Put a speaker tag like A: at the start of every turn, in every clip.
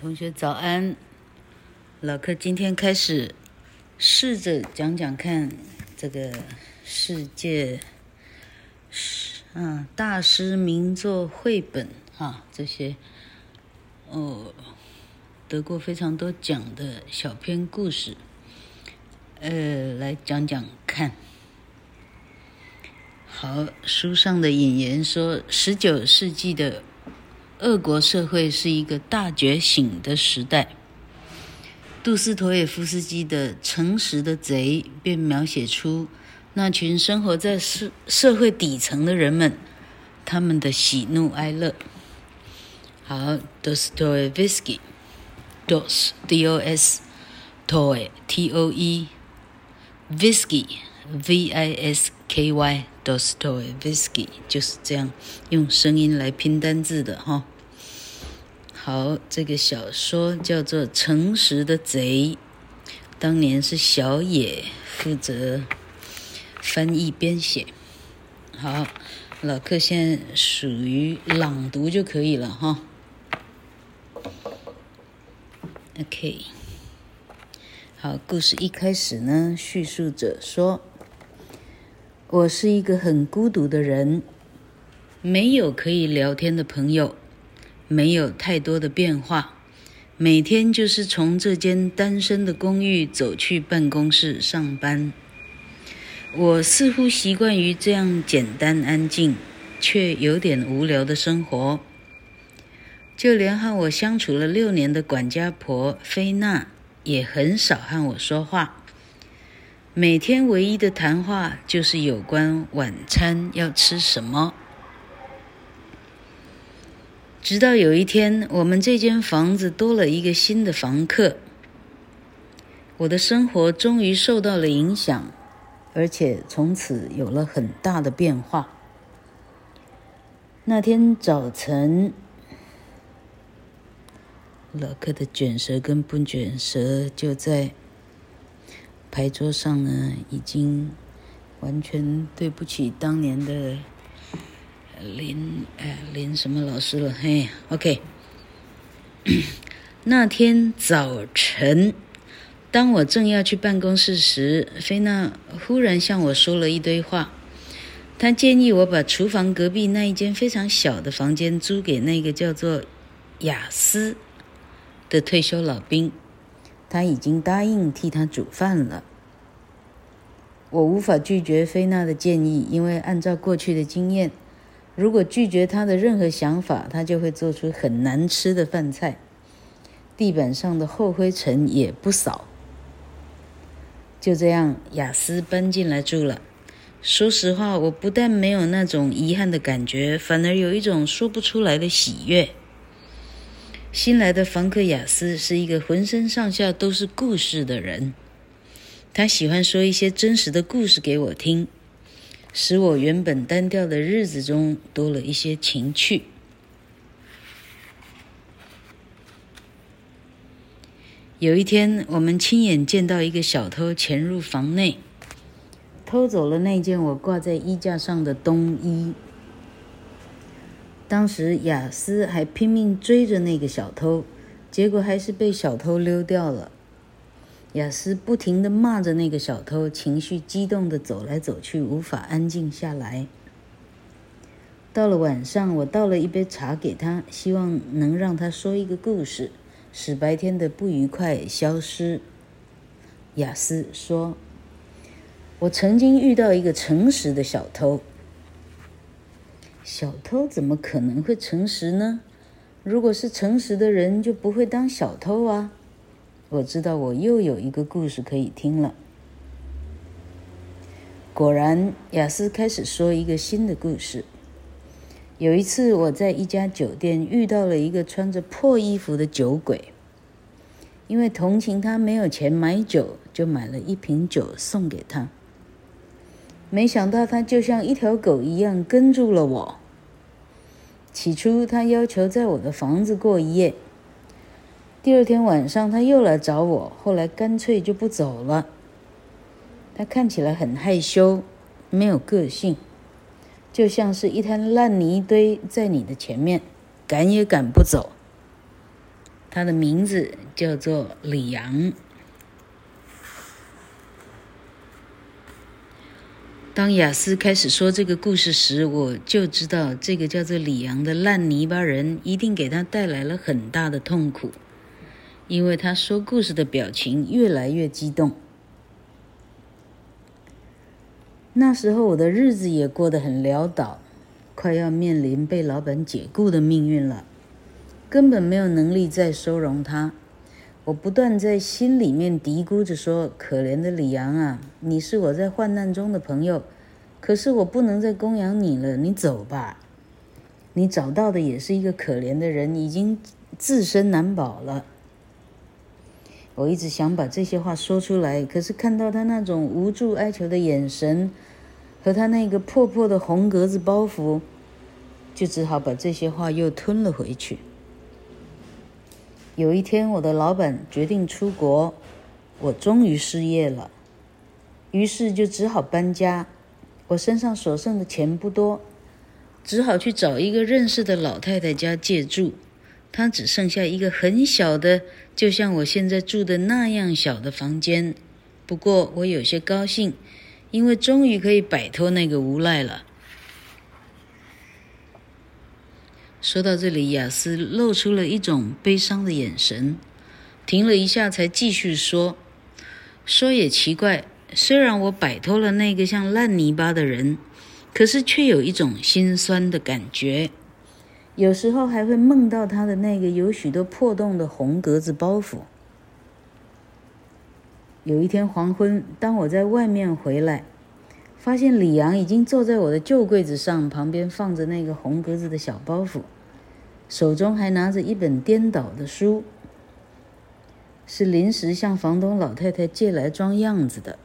A: 同學早安，老柯今天開始試着講講看這個世界，嗯、啊、大師名作繪本啊這些，哦，得過非常多獎的小篇故事，呃，來講講看。好，書上的引言說，十九世紀的。俄國社會是一個大覺醒的時代。杜斯托耶夫斯基的《誠實的賊》便描寫出那群生活在社社會底層的人們，他們的喜怒哀樂。好，d o s t o y v s k y d O S T O E V I S K y d o s t o y v i s k y 就是這樣用聲音來拼單字的哈。好，這個小說叫做《誠實的賊》，當年是小野負責翻譯編寫。好，老客現在屬於朗讀就可以了哈。OK，好，故事一開始呢，敘述者說：“我是一個很孤獨的人，沒有可以聊天的朋友。”沒有太多的變化，每天就是從這間單身的公寓走去辦公室上班。我似乎習慣於這樣簡單安靜，卻有點無聊的生活。就連和我相處了六年的管家婆菲娜也很少和我說話。每天唯一的談話就是有關晚餐要吃什麼。直到有一天，我們這間房子多了一個新的房客，我的生活終於受到了影響，而且從此有了很大的變化。那天早晨，老客的捲舌跟不捲舌就在牌桌上呢，已經完全對不起當年的。林，呃、哎、林什麼老師了？嘿，OK。 那天早晨，當我正要去辦公室時，菲娜忽然向我說了一堆話。她建議我把廚房隔壁那一間非常小的房間租給那個叫做雅思的退休老兵。他已經答應替他煮飯了。我無法拒絕菲娜的建議，因為按照過去的經驗。如果拒絕他的任何想法，他就會做出很難吃的飯菜，地板上的厚灰塵也不掃。就這樣，雅思搬進來住了。說實話，我不但沒有那種遺憾的感覺，反而有一種說不出來的喜悅。新來的房客雅思是一個渾身上下都是故事的人，他喜歡說一些真實的故事給我聽。使我原本單調的日子中多了一些情趣。有一天，我們親眼見到一個小偷潛入房內，偷走了那件我掛在衣架上的冬衣。當時，雅思還拼命追着那個小偷，結果還是被小偷溜掉了。雅思不停地罵着那個小偷，情緒激動的走來走去，無法安靜下來。到了晚上，我倒了一杯茶給他，希望能讓他說一個故事，使白天的不愉快消失。雅思說：“我曾經遇到一個誠實的小偷。”小偷怎麼可能會誠實呢？如果是誠實的人，就不會當小偷啊。我知道我又有一個故事可以聽了。果然，雅思開始說一個新的故事。有一次，我在一家酒店遇到了一個穿着破衣服的酒鬼，因為同情他沒有錢買酒，就買了一瓶酒送給他。沒想到他就像一條狗一樣跟住了我。起初，他要求在我的房子過一夜。第二天晚上，他又來找我。後來乾脆就不走了。他看起來很害羞，沒有個性，就像是一灘爛泥堆在你的前面，趕也趕不走。他的名字叫做李陽。當雅思開始說這個故事時，我就知道這個叫做李陽的爛泥巴人一定給他帶來了很大的痛苦。因為他說故事的表情越來越激動。那時候我的日子也過得很潦倒，快要面臨被老闆解雇的命運了，根本沒有能力再收容他。我不斷在心裡面嘀咕着說：“可憐的李陽啊，你是我在患難中的朋友，可是我不能再供養你了，你走吧。你找到的也是一個可憐的人，已經自身難保了。”我一直想把這些話說出來，可是看到他那種無助哀求的眼神，和他那個破破的紅格子包袱，就只好把這些話又吞了回去。有一天，我的老闆決定出國，我終於失業了，於是就只好搬家。我身上所剩的錢不多，只好去找一個認識的老太太家借住。他只剩下一個很小的，就像我現在住的那樣小的房間。不過我有些高興，因為終於可以擺脫那個無賴了。說到這裡，雅思露出了一種悲傷的眼神，停了一下，才繼續說：“說也奇怪，雖然我擺脫了那個像爛泥巴的人，可是卻有一種心酸的感覺。”有時候還會夢到他的那個有許多破洞的紅格子包袱。有一天黃昏，當我在外面回來，發現李陽已經坐在我的舊櫃子上，旁邊放着那個紅格子的小包袱，手中還拿着一本顛倒的書，是臨時向房東老太太借來裝樣子的。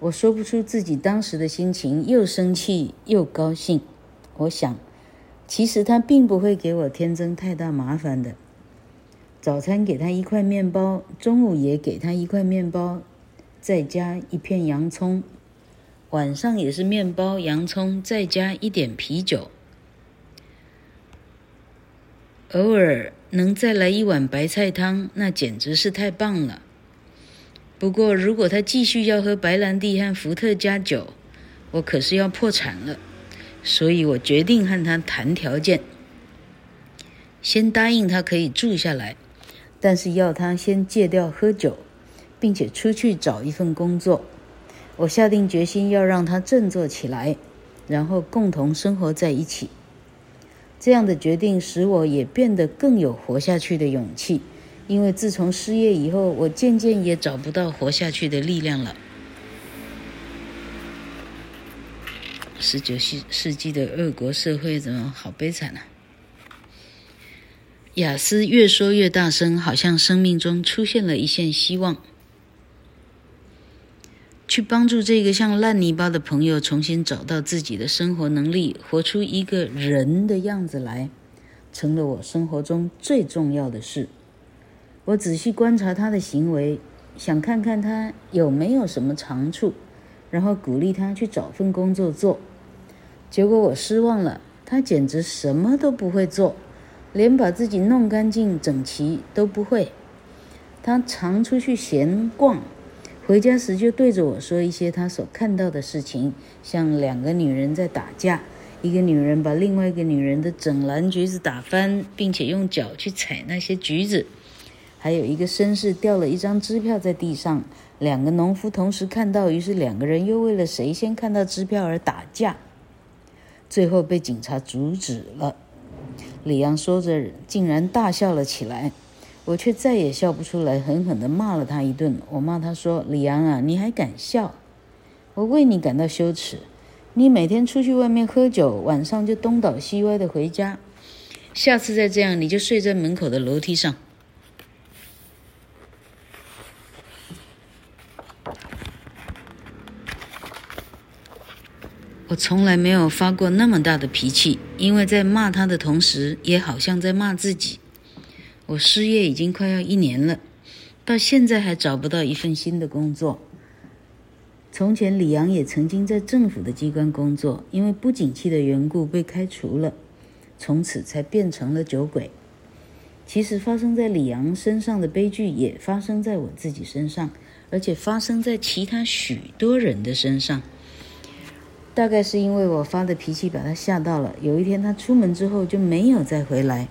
A: 我說不出自己當時的心情，又生氣又高興，我想。其實他並不會給我添增太大麻煩的。早餐給他一塊麵包，中午也給他一塊麵包，再加一片洋蔥；晚上也是麵包、洋蔥，再加一點啤酒。偶爾能再來一碗白菜湯，那簡直是太棒了。不過，如果他繼續要喝白蘭地和伏特加酒，我可是要破產了。所以我決定和他談條件，先答應他可以住下來，但是要他先戒掉喝酒，並且出去找一份工作。我下定決心要讓他振作起來，然後共同生活在一起。這樣的決定使我也變得更有活下去的勇氣，因為自從失業以後，我漸漸也找不到活下去的力量了。十九世世紀的俄國社會怎麼好悲慘呢、啊？雅思越說越大聲，好像生命中出現了一線希望，去幫助這個像爛泥巴的朋友重新找到自己的生活能力，活出一個人的樣子來，成了我生活中最重要的事。我仔細觀察他的行為，想看看他有沒有什麼長處。然後鼓勵他去找份工作做，結果我失望了，他簡直什麼都不會做，連把自己弄乾淨整齊都不會。他常出去閒逛，回家時就對着我說一些他所看到的事情，像兩個女人在打架，一個女人把另外一個女人的整籃橘子打翻，並且用腳去踩那些橘子。還有一個紳士掉了一張支票在地上，兩個農夫同時看到，於是兩個人又為了誰先看到支票而打架，最後被警察阻止了。李陽說着，竟然大笑了起來，我卻再也笑不出來，狠狠地罵了他一頓。我罵他說：“李陽啊，你還敢笑？我為你感到羞恥。你每天出去外面喝酒，晚上就東倒西歪的回家，下次再這樣，你就睡在門口的樓梯上。”我從來沒有發過那麼大的脾氣，因為在罵他的同時，也好像在罵自己。我失業已經快要一年了，到現在還找不到一份新的工作。從前，李陽也曾經在政府的機關工作，因為不景氣的緣故被開除了，從此才變成了酒鬼。其實，發生在李陽身上的悲劇，也發生在我自己身上，而且發生在其他許多人的身上。大概是因為我發的脾氣把他嚇到了。有一天他出門之後就沒有再回來。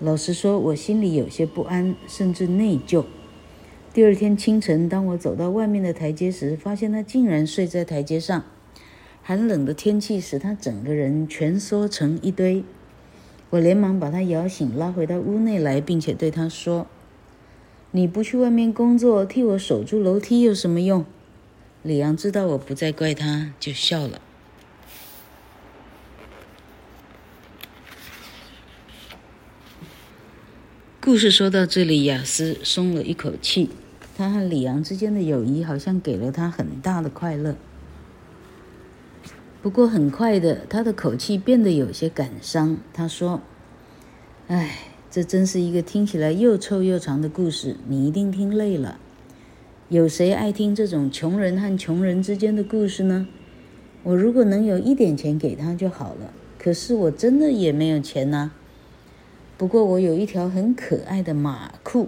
A: 老實說，我心裡有些不安，甚至內疚。第二天清晨，當我走到外面的台階時，發現他竟然睡在台階上。寒冷的天氣使他整個人蜷縮成一堆。我連忙把他搖醒，拉回到屋內來，並且對他說：“你不去外面工作，替我守住樓梯有什麼用？”李昂知道我不再怪他，就笑了。故事說到這裡，雅思鬆了一口氣。他和李昂之間的友誼好像給了他很大的快樂。不過很快的，他的口氣變得有些感傷。他說：“哎，這真是一個聽起來又臭又長的故事，你一定聽累了。”有誰愛聽這種窮人和窮人之間的故事呢？我如果能有一點錢給他就好了，可是我真的也沒有錢吶、啊。不過我有一條很可愛的馬褲，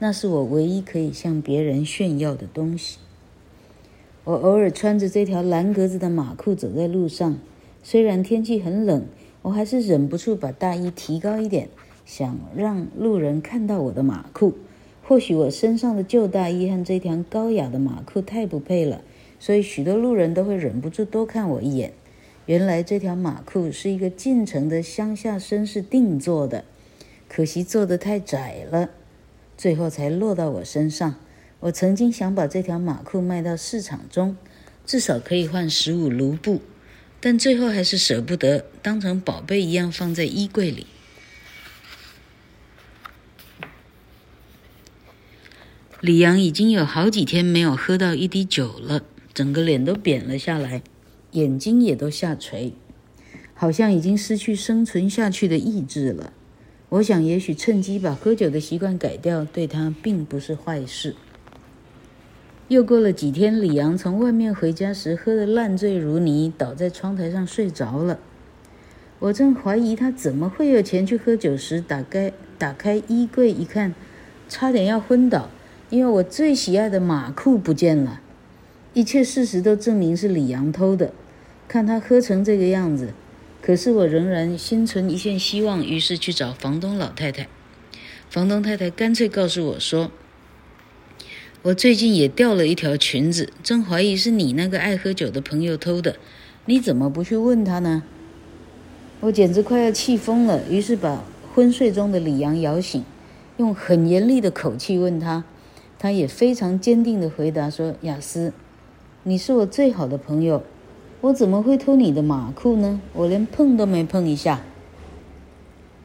A: 那是我唯一可以向別人炫耀的東西。我偶爾穿着這條藍格子的馬褲走在路上，雖然天氣很冷，我還是忍不住把大衣提高一點，想讓路人看到我的馬褲。或許我身上的舊大衣和這條高雅的馬褲太不配了，所以許多路人都會忍不住多看我一眼。原來這條馬褲是一個進城的鄉下紳士定做的，可惜做得太窄了，最後才落到我身上。我曾經想把這條馬褲賣到市場中，至少可以換十五盧布，但最後還是捨不得，當成寶貝一樣放在衣櫃裡。李陽已經有好幾天沒有喝到一滴酒了，整個臉都扁了下來，眼睛也都下垂，好像已經失去生存下去的意志了。我想，也許趁機把喝酒的習慣改掉，對他並不是壞事。又過了幾天，李陽從外面回家時喝得爛醉如泥，倒在窗台上睡着了。我正懷疑他怎麼會有錢去喝酒時，打開打開衣櫃一看，差點要昏倒。因為我最喜愛的馬褲不見了，一切事實都證明是李陽偷的。看他喝成這個樣子，可是我仍然心存一線希望，於是去找房東老太太。房東太太乾脆告訴我說：“我最近也掉了一條裙子，真懷疑是你那個愛喝酒的朋友偷的。你怎麼不去問他呢？”我簡直快要氣瘋了，於是把昏睡中的李陽搖醒，用很嚴厲的口氣問他。他也非常堅定地回答說：“雅思，你是我最好的朋友，我怎麼會偷你的馬褲呢？我連碰都沒碰一下。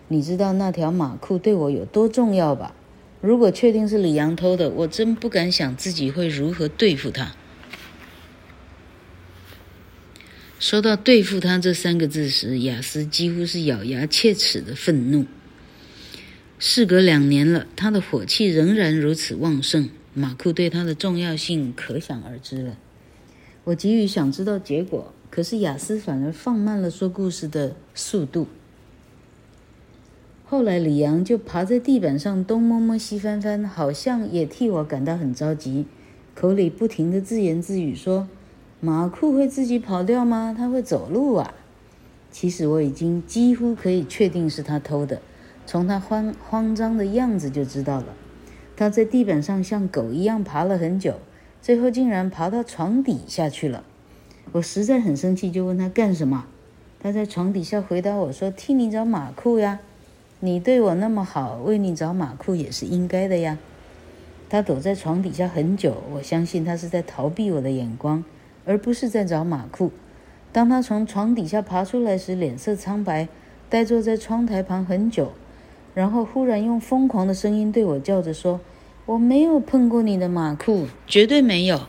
A: 你知道那條馬褲對我有多重要吧？如果確定是李陽偷的，我真不敢想自己會如何對付他。”說到“對付他”這三個字時，雅思幾乎是咬牙切齒的憤怒。事隔兩年了，他的火氣仍然如此旺盛，馬庫對他的重要性可想而知了。我急於想知道結果，可是雅思反而放慢了說故事的速度。後來李陽就爬在地板上東摸摸西翻翻，好像也替我感到很着急，口裡不停地自言自語說：“馬庫會自己跑掉嗎？他會走路啊！”其實我已經幾乎可以確定是他偷的。從他慌慌張的樣子就知道了，他在地板上像狗一樣爬了很久，最後竟然爬到床底下去了。我實在很生氣，就問他幹什麼？他在床底下回答我說：“替你找馬褲呀！你對我那麼好，為你找馬褲也是應該的呀。”他躲在床底下很久，我相信他是在逃避我的眼光，而不是在找馬褲。當他從床底下爬出來時，臉色蒼白，呆坐在窗台旁很久。然後忽然用瘋狂的聲音對我叫着說：“我沒有碰過你的馬褲，絕對沒有。”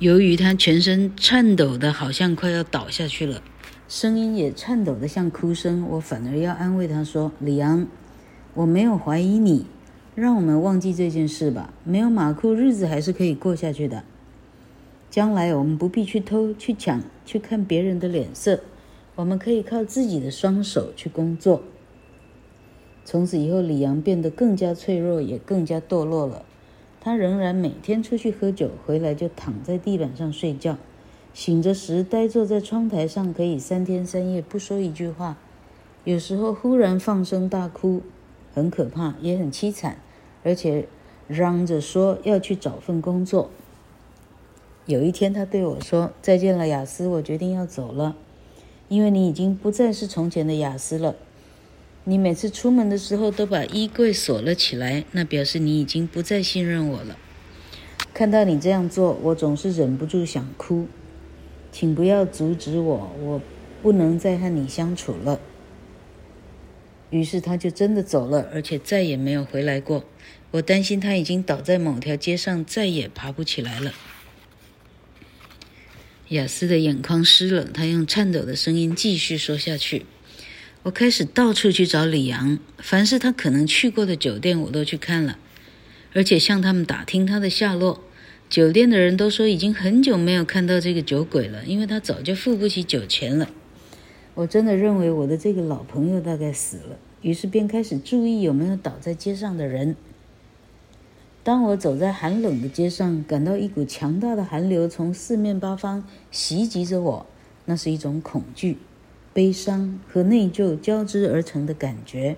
A: 由於他全身顫抖的，好像快要倒下去了，聲音也顫抖的像哭聲。我反而要安慰他說：“李昂，我沒有懷疑你，讓我們忘記這件事吧。沒有馬褲，日子還是可以過下去的。”將來我們不必去偷、去搶、去看別人的臉色，我們可以靠自己的雙手去工作。從此以後，李陽變得更加脆弱，也更加墮落了。他仍然每天出去喝酒，回來就躺在地板上睡覺，醒着時呆坐在窗台上，可以三天三夜不說一句話。有時候忽然放聲大哭，很可怕，也很淒慘，而且嚷着說要去找份工作。有一天，他對我說：“再見了，雅思，我決定要走了，因為你已經不再是從前的雅思了。你每次出門的時候都把衣櫃鎖了起來，那表示你已經不再信任我了。看到你這樣做，我總是忍不住想哭。請不要阻止我，我不能再和你相處了。”於是他就真的走了，而且再也沒有回來過。我擔心他已經倒在某條街上，再也爬不起來了。雅思的眼眶濕了，他用顫抖的聲音繼續說下去：“我開始到處去找李陽，凡是他可能去過的酒店，我都去看了，而且向他們打聽他的下落。酒店的人都說已經很久沒有看到這個酒鬼了，因為他早就付不起酒錢了。我真的認為我的這個老朋友大概死了，於是便開始注意有沒有倒在街上的人。”當我走在寒冷的街上，感到一股強大的寒流從四面八方襲擊着我，那是一種恐懼、悲傷和內疚交織而成的感覺。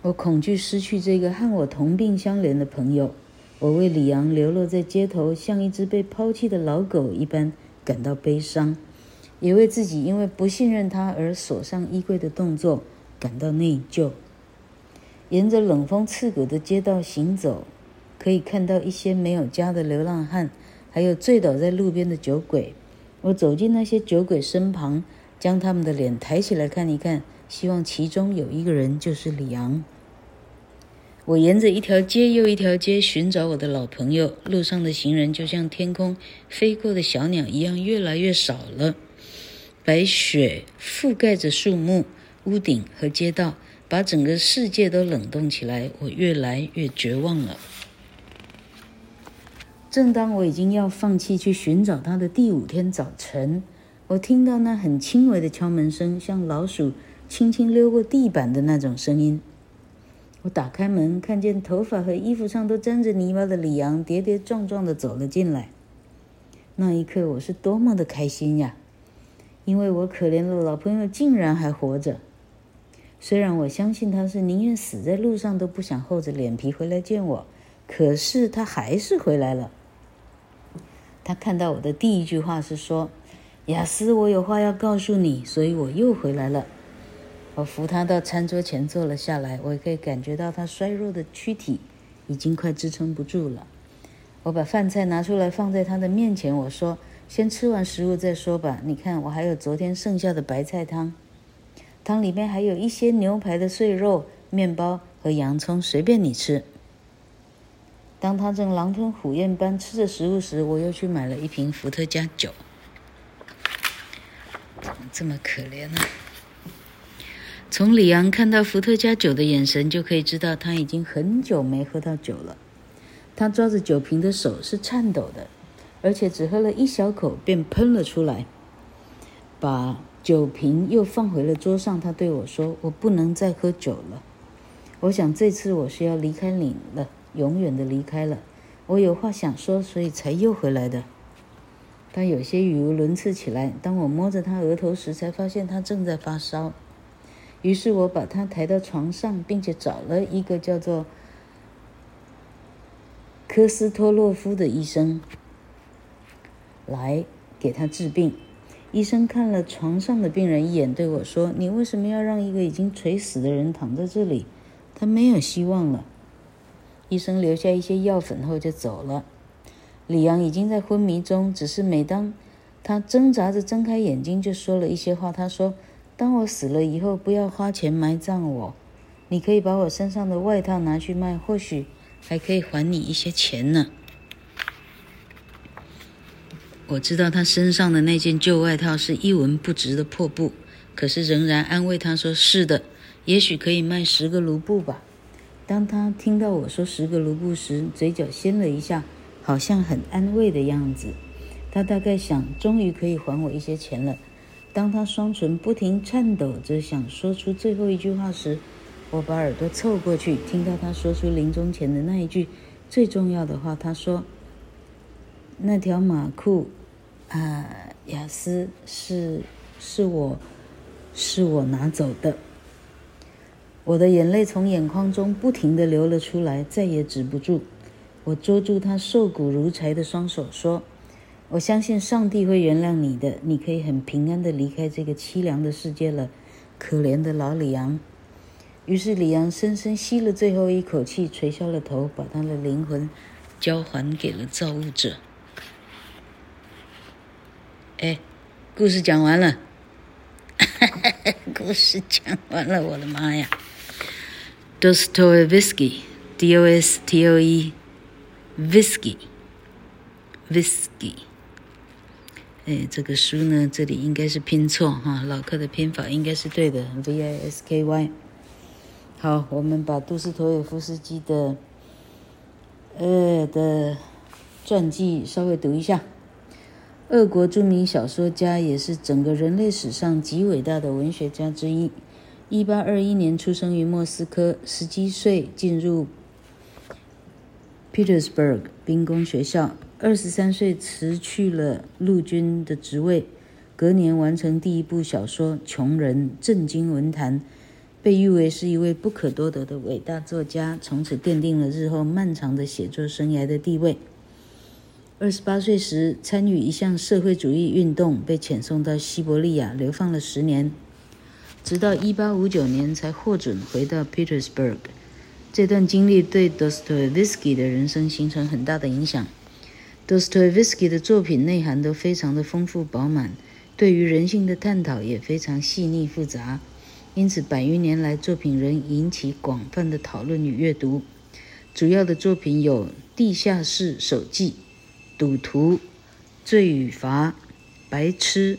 A: 我恐懼失去這個和我同病相憐的朋友，我為李陽流落在街頭，像一隻被拋棄的老狗一般感到悲傷，也為自己因為不信任他而鎖上衣櫃的動作感到內疚。沿着冷風刺骨的街道行走。可以看到一些沒有家的流浪漢，還有醉倒在路邊的酒鬼。我走近那些酒鬼身旁，將他們的臉抬起來看一看，希望其中有一個人就是李昂。我沿着一條街又一條街尋找我的老朋友，路上的行人就像天空飛過的小鳥一樣，越來越少了。白雪覆蓋着樹木、屋頂和街道，把整個世界都冷凍起來，我越來越絕望了。正當我已經要放棄去尋找他的第五天早晨，我聽到那很輕微的敲門聲，像老鼠輕輕溜過地板的那種聲音。我打開門，看見頭髮和衣服上都沾着泥巴的李陽跌跌撞撞地走了進來。那一刻，我是多麼的開心呀！因為我可憐的老朋友竟然還活着。雖然我相信他是寧願死在路上都不想厚着臉皮回來見我，可是他還是回來了。他看到我的第一句話是說：“雅思，我有話要告訴你，所以我又回來了。”我扶他到餐桌前坐了下來，我也可以感覺到他衰弱的軀體已經快支撐不住了。我把飯菜拿出來放在他的面前，我說：“先吃完食物再說吧。你看，我還有昨天剩下的白菜湯，湯裡面還有一些牛排的碎肉、麵包和洋蔥，隨便你吃。”當他正狼吞虎嚥般吃着食物時，我又去買了一瓶伏特加酒。怎麼這麼可憐呢、啊？從里昂看到伏特加酒的眼神，就可以知道他已經很久沒喝到酒了。他抓着酒瓶的手是顫抖的，而且只喝了一小口便噴了出來，把酒瓶又放回了桌上。他對我說：“我不能再喝酒了。我想這次我是要離開嶺了。”永遠的離開了，我有話想說，所以才又回來的。他有些語無倫次起來。當我摸着他額頭時，才發現他正在發燒。於是我把他抬到床上，並且找了一個叫做科斯托洛夫的醫生來給他治病。醫生看了床上的病人一眼，對我說：“你為什麼要讓一個已經垂死的人躺在這裡？他沒有希望了。”醫生留下一些藥粉後就走了。李陽已經在昏迷中，只是每當他掙扎着睜開眼睛，就說了一些話。他說：“當我死了以後，不要花錢埋葬我，你可以把我身上的外套拿去賣，或許還可以還你一些錢呢。”我知道他身上的那件舊外套是一文不值的破布，可是仍然安慰他說：“是的，也許可以賣十個盧布吧。”當他聽到我說十個盧布時，嘴角掀了一下，好像很安慰的樣子。他大概想，終於可以還我一些錢了。當他雙唇不停顫抖着想說出最後一句話時，我把耳朵湊過去，聽到他說出臨終前的那一句，最重要的話。他說：“那條馬褲，啊、呃，雅思，是是我是我拿走的。”我的眼淚從眼眶中不停的流了出來，再也止不住。我捉住他瘦骨如柴的雙手，說：“我相信上帝會原諒你的，你可以很平安的離開這個淒涼的世界了，可憐的老李昂。於是李昂深深吸了最後一口氣，垂下了頭，把他的靈魂交還給了造物者。哎，故事講完了。哈哈，故事講完了，我的媽呀！杜斯托耶夫斯基，D, ky, D O S T O E，Visky，Visky，哎，這個書呢，這裡應該是拼錯哈，老科的拼法應該是對的，V I S K Y。好，我們把杜斯托耶夫斯基的、呃，的傳記稍微讀一下。俄國著名小說家，也是整個人類史上極偉大的文學家之一。一八二一年出生於莫斯科，十七歲進入 Petersburg 兵工學校，二十三歲辭去了陸軍的職位，隔年完成第一部小說《窮人》，震驚文壇，被譽為是一位不可多得的偉大作家，從此奠定了日後漫長的寫作生涯的地位。二十八歲時參與一項社會主義運動，被遣送到西伯利亞流放了十年。直到1859年才獲准回到 Petersburg，這段經歷，對 Dostoevsky 的人生形成很大的影響。Dostoevsky 的作品內涵都非常的豐富飽滿，對於人性的探討也非常細膩複雜，因此百餘年來作品仍引起廣泛的討論與閱讀。主要的作品有《地下室手記》、《賭徒》、《罪與罰》、《白痴》。